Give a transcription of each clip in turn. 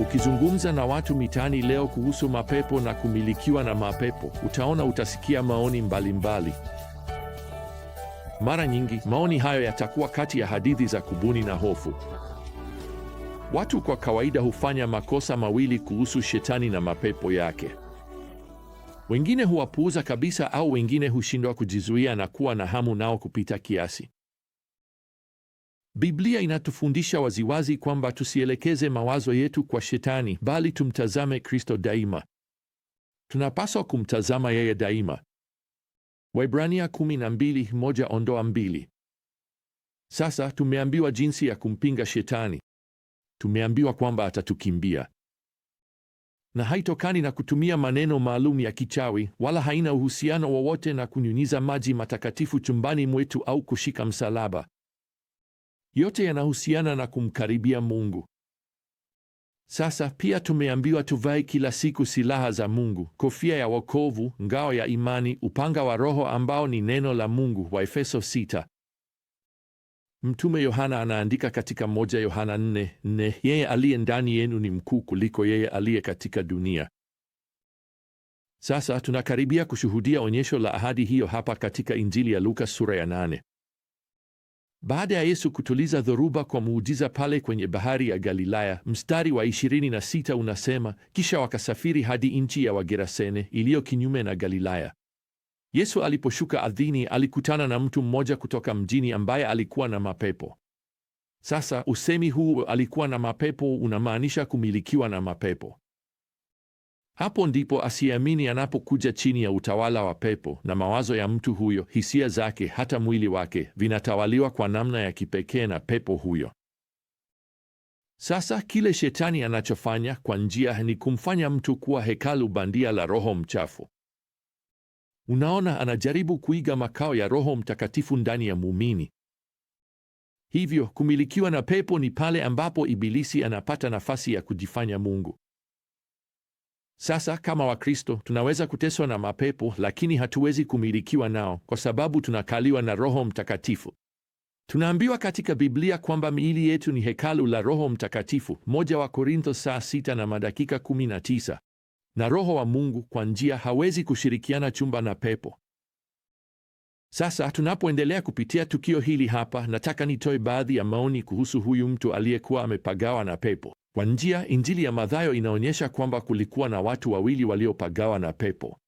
Ukizungumza na watu mitaani leo kuhusu mapepo na kumilikiwa na mapepo, utaona utasikia maoni mbalimbali mbali. Mara nyingi maoni hayo yatakuwa kati ya hadithi za kubuni na hofu. Watu kwa kawaida hufanya makosa mawili kuhusu shetani na mapepo yake. Wengine huwapuuza kabisa, au wengine hushindwa kujizuia na kuwa na hamu nao kupita kiasi. Biblia inatufundisha waziwazi kwamba tusielekeze mawazo yetu kwa Shetani, bali tumtazame Kristo daima. Tunapaswa kumtazama yeye daima. Waibrania 12:1 ondoa mbili. Sasa tumeambiwa jinsi ya kumpinga Shetani. Tumeambiwa kwamba atatukimbia, na haitokani na kutumia maneno maalum ya kichawi, wala haina uhusiano wowote na kunyunyiza maji matakatifu chumbani mwetu au kushika msalaba. Yote yanahusiana na kumkaribia Mungu. Sasa pia tumeambiwa tuvae kila siku silaha za Mungu, kofia ya wokovu, ngao ya imani, upanga wa Roho ambao ni neno la Mungu, Waefeso 6. Mtume Yohana anaandika katika moja Yohana 4:4, yeye aliye ndani yenu ni mkuu kuliko yeye aliye katika dunia. Sasa tunakaribia kushuhudia onyesho la ahadi hiyo hapa katika Injili ya Luka sura ya 8. Baada ya Yesu kutuliza dhoruba kwa muujiza pale kwenye bahari ya Galilaya, mstari wa 26 unasema, kisha wakasafiri hadi nchi ya Wagerasene iliyo kinyume na Galilaya. Yesu aliposhuka ardhini, alikutana na mtu mmoja kutoka mjini ambaye alikuwa na mapepo. Sasa usemi huu alikuwa na mapepo unamaanisha kumilikiwa na mapepo. Hapo ndipo asiamini anapokuja chini ya utawala wa pepo, na mawazo ya mtu huyo, hisia zake, hata mwili wake vinatawaliwa kwa namna ya kipekee na pepo huyo. Sasa kile shetani anachofanya kwa njia ni kumfanya mtu kuwa hekalu bandia la roho mchafu. Unaona, anajaribu kuiga makao ya Roho Mtakatifu ndani ya muumini. Hivyo kumilikiwa na pepo ni pale ambapo ibilisi anapata nafasi ya kujifanya Mungu. Sasa kama Wakristo tunaweza kuteswa na mapepo, lakini hatuwezi kumilikiwa nao kwa sababu tunakaliwa na Roho Mtakatifu. Tunaambiwa katika Biblia kwamba miili yetu ni hekalu la Roho Mtakatifu, moja wa Korintho saa sita na madakika 19. Na Roho wa Mungu kwa njia hawezi kushirikiana chumba na pepo. Sasa tunapoendelea kupitia tukio hili hapa, nataka nitoe baadhi ya maoni kuhusu huyu mtu aliyekuwa amepagawa na pepo. Kwa njia, Injili ya Mathayo inaonyesha kwamba kulikuwa na watu wawili waliopagawa na pepo.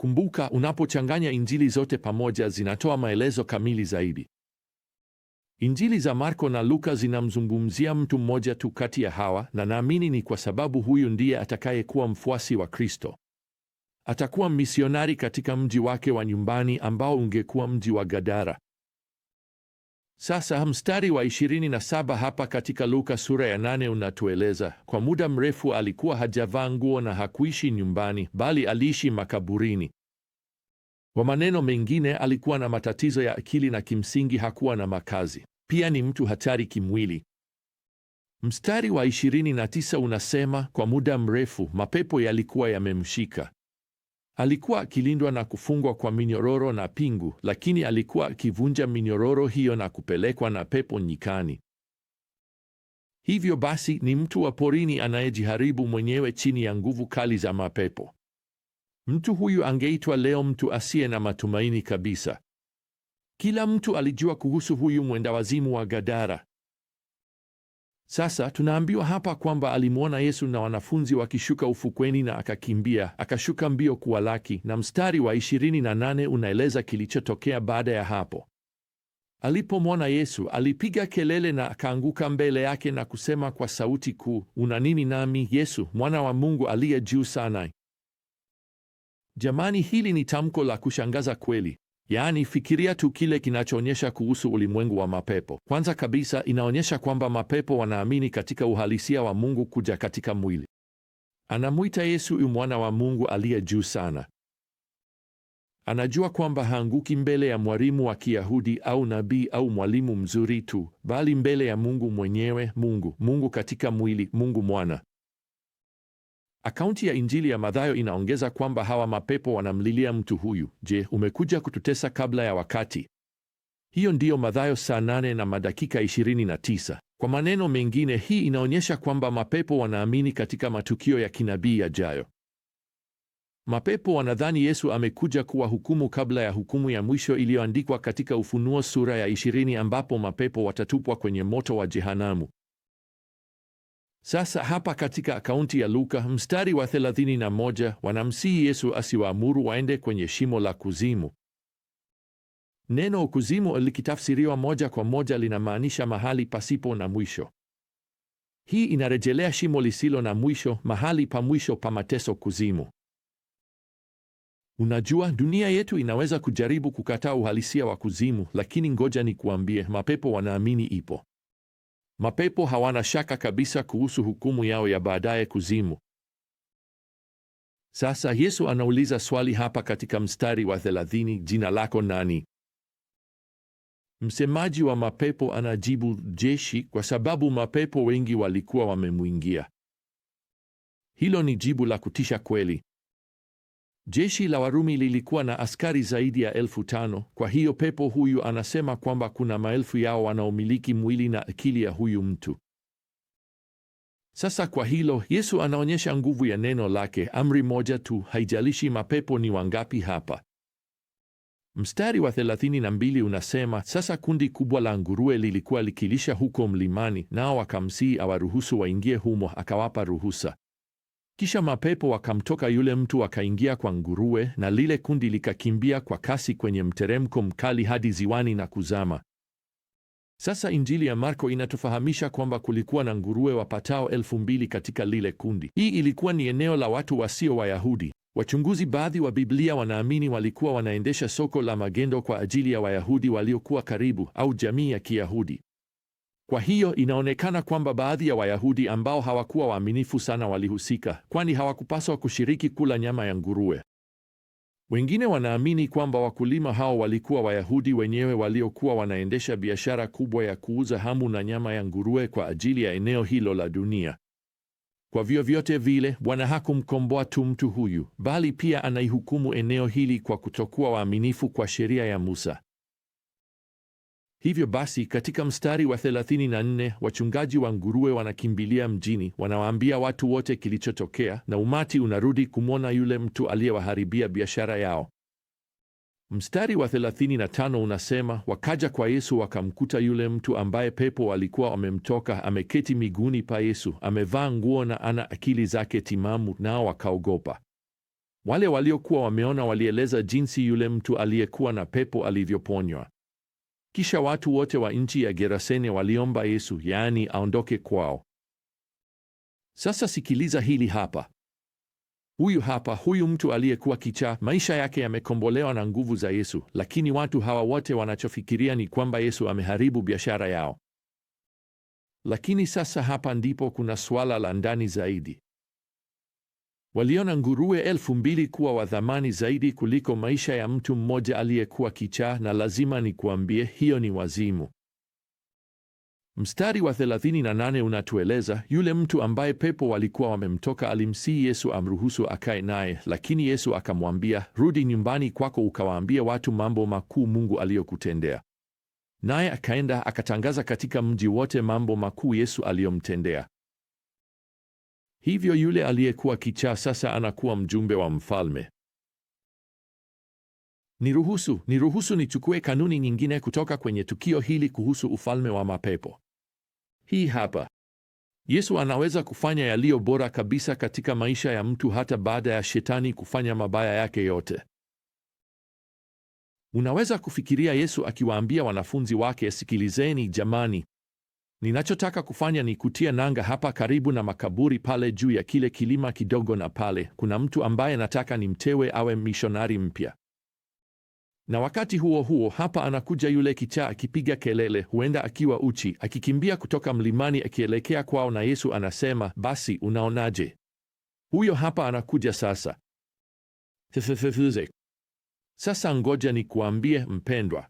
Kumbuka, unapochanganya injili zote pamoja zinatoa maelezo kamili zaidi. Injili za Marko na Luka zinamzungumzia mtu mmoja tu kati ya hawa, na naamini ni kwa sababu huyu ndiye atakayekuwa mfuasi wa Kristo. Atakuwa misionari katika mji wake wa nyumbani ambao ungekuwa mji wa Gadara. Sasa mstari wa 27 hapa katika Luka sura ya 8 unatueleza, kwa muda mrefu alikuwa hajavaa nguo na hakuishi nyumbani, bali aliishi makaburini. Kwa maneno mengine, alikuwa na matatizo ya akili na kimsingi hakuwa na makazi. Pia ni mtu hatari kimwili. Mstari wa 29 unasema, kwa muda mrefu mapepo yalikuwa yamemshika. Alikuwa akilindwa na kufungwa kwa minyororo na pingu, lakini alikuwa akivunja minyororo hiyo na kupelekwa na pepo nyikani. Hivyo basi, ni mtu wa porini anayejiharibu mwenyewe chini ya nguvu kali za mapepo. Mtu huyu angeitwa leo mtu asiye na matumaini kabisa. Kila mtu alijua kuhusu huyu mwendawazimu wa Gadara, sasa tunaambiwa hapa kwamba alimwona Yesu na wanafunzi wakishuka ufukweni na akakimbia, akashuka mbio kuwalaki, na mstari wa 28 unaeleza kilichotokea baada ya hapo. Alipomwona Yesu alipiga kelele na akaanguka mbele yake na kusema kwa sauti kuu, una nini nami, Yesu mwana wa Mungu aliye juu sana? Jamani, hili ni tamko la kushangaza kweli. Yaani, fikiria tu kile kinachoonyesha kuhusu ulimwengu wa mapepo. Kwanza kabisa, inaonyesha kwamba mapepo wanaamini katika uhalisia wa Mungu kuja katika mwili. Anamwita Yesu yu mwana wa Mungu aliye juu sana. Anajua kwamba haanguki mbele ya mwalimu wa Kiyahudi au nabii au mwalimu mzuri tu, bali mbele ya Mungu mwenyewe, Mungu, Mungu katika mwili, Mungu Mwana. Akaunti ya Injili ya Mathayo inaongeza kwamba hawa mapepo wanamlilia mtu huyu, je, umekuja kututesa kabla ya wakati? Hiyo ndiyo Mathayo saa nane na madakika 29. Kwa maneno mengine, hii inaonyesha kwamba mapepo wanaamini katika matukio ya kinabii yajayo. Mapepo wanadhani Yesu amekuja kuwahukumu kabla ya hukumu ya mwisho iliyoandikwa katika Ufunuo sura ya 20, ambapo mapepo watatupwa kwenye moto wa jehanamu. Sasa hapa katika akaunti ya Luka mstari wa 31 wanamsihi Yesu asiwaamuru waende kwenye shimo la kuzimu. Neno kuzimu likitafsiriwa moja kwa moja linamaanisha mahali pasipo na mwisho. Hii inarejelea shimo lisilo na mwisho, mahali pa mwisho pa mateso, kuzimu. Unajua, dunia yetu inaweza kujaribu kukataa uhalisia wa kuzimu, lakini ngoja ni kuambie mapepo wanaamini ipo. Mapepo hawana shaka kabisa kuhusu hukumu yao ya baadaye kuzimu. Sasa Yesu anauliza swali hapa katika mstari wa 30, jina lako nani? Msemaji wa mapepo anajibu jeshi, kwa sababu mapepo wengi walikuwa wamemwingia. Hilo ni jibu la kutisha kweli. Jeshi la Warumi lilikuwa na askari zaidi ya elfu tano. Kwa hiyo pepo huyu anasema kwamba kuna maelfu yao wanaomiliki mwili na akili ya huyu mtu. Sasa kwa hilo Yesu anaonyesha nguvu ya neno lake, amri moja tu, haijalishi mapepo ni wangapi hapa. Mstari wa 32 unasema, sasa kundi kubwa la nguruwe lilikuwa likilisha huko mlimani, nao wakamsii awaruhusu waingie humo, akawapa ruhusa. Kisha mapepo wakamtoka yule mtu wakaingia kwa nguruwe, na lile kundi likakimbia kwa kasi kwenye mteremko mkali hadi ziwani na kuzama. Sasa Injili ya Marko inatufahamisha kwamba kulikuwa na nguruwe wapatao elfu mbili katika lile kundi. Hii ilikuwa ni eneo la watu wasio Wayahudi. Wachunguzi baadhi wa Biblia wanaamini walikuwa wanaendesha soko la magendo kwa ajili ya Wayahudi waliokuwa karibu au jamii ya Kiyahudi. Kwa hiyo inaonekana kwamba baadhi ya Wayahudi ambao hawakuwa waaminifu sana walihusika, kwani hawakupaswa kushiriki kula nyama ya nguruwe. Wengine wanaamini kwamba wakulima hao walikuwa Wayahudi wenyewe waliokuwa wanaendesha biashara kubwa ya kuuza hamu na nyama ya nguruwe kwa ajili ya eneo hilo la dunia. Kwa vyovyote vile, Bwana hakumkomboa tu mtu huyu, bali pia anaihukumu eneo hili kwa kutokuwa waaminifu kwa sheria ya Musa. Hivyo basi katika mstari wa 34 wachungaji wa nguruwe wanakimbilia mjini, wanawaambia watu wote kilichotokea, na umati unarudi kumwona yule mtu aliyewaharibia biashara yao. Mstari wa 35 unasema, wakaja kwa Yesu wakamkuta yule mtu ambaye pepo alikuwa wamemtoka ameketi miguuni pa Yesu, amevaa nguo na ana akili zake timamu, nao wakaogopa. Wale waliokuwa wameona walieleza jinsi yule mtu aliyekuwa na pepo alivyoponywa. Kisha watu wote wa nchi ya Gerasene waliomba Yesu, yaani aondoke kwao. Sasa sikiliza hili hapa. Huyu hapa, huyu mtu aliyekuwa kichaa, maisha yake yamekombolewa na nguvu za Yesu, lakini watu hawa wote wanachofikiria ni kwamba Yesu ameharibu biashara yao. Lakini sasa hapa ndipo kuna suala la ndani zaidi. Waliona nguruwe elfu mbili kuwa wa thamani zaidi kuliko maisha ya mtu mmoja aliyekuwa kichaa, na lazima nikuambie, hiyo ni wazimu. Mstari wa 38 unatueleza yule mtu ambaye pepo walikuwa wamemtoka alimsihi Yesu amruhusu akae naye, lakini Yesu akamwambia, rudi nyumbani kwako ukawaambie watu mambo makuu Mungu aliyokutendea. Naye akaenda akatangaza katika mji wote mambo makuu Yesu aliyomtendea. Hivyo yule aliyekuwa kichaa sasa anakuwa mjumbe wa mfalme. Niruhusu, niruhusu nichukue kanuni nyingine kutoka kwenye tukio hili kuhusu ufalme wa mapepo. Hii hapa. Yesu anaweza kufanya yaliyo bora kabisa katika maisha ya mtu hata baada ya shetani kufanya mabaya yake yote. Unaweza kufikiria Yesu akiwaambia wanafunzi wake, sikilizeni jamani, Ninachotaka kufanya ni kutia nanga hapa karibu na makaburi pale juu ya kile kilima kidogo, na pale kuna mtu ambaye nataka mtewe awe mishonari mpya. Na wakati huo huo, hapa anakuja yule kichaa akipiga kelele, huenda akiwa uchi, akikimbia kutoka mlimani akielekea kwao, na Yesu anasema, basi unaonaje? Huyo hapa anakuja sasa. Sasa ngoja nikuambie mpendwa,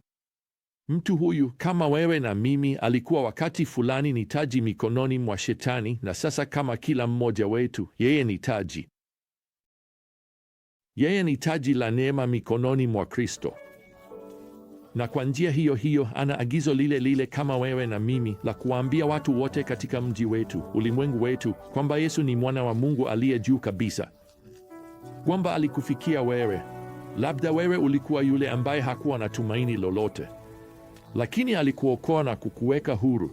Mtu huyu kama wewe na mimi alikuwa wakati fulani ni taji mikononi mwa Shetani, na sasa kama kila mmoja wetu, yeye ni taji, yeye ni taji la neema mikononi mwa Kristo. Na kwa njia hiyo hiyo ana agizo lile lile kama wewe na mimi la kuwaambia watu wote katika mji wetu, ulimwengu wetu, kwamba Yesu ni mwana wa Mungu aliye juu kabisa, kwamba alikufikia wewe. Labda wewe ulikuwa yule ambaye hakuwa na tumaini lolote lakini alikuokoa na kukuweka huru.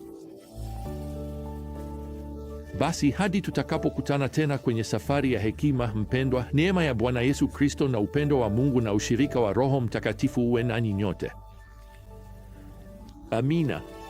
Basi hadi tutakapokutana tena kwenye safari ya hekima, mpendwa, neema ya Bwana Yesu Kristo na upendo wa Mungu na ushirika wa Roho Mtakatifu uwe nanyi nyote. Amina.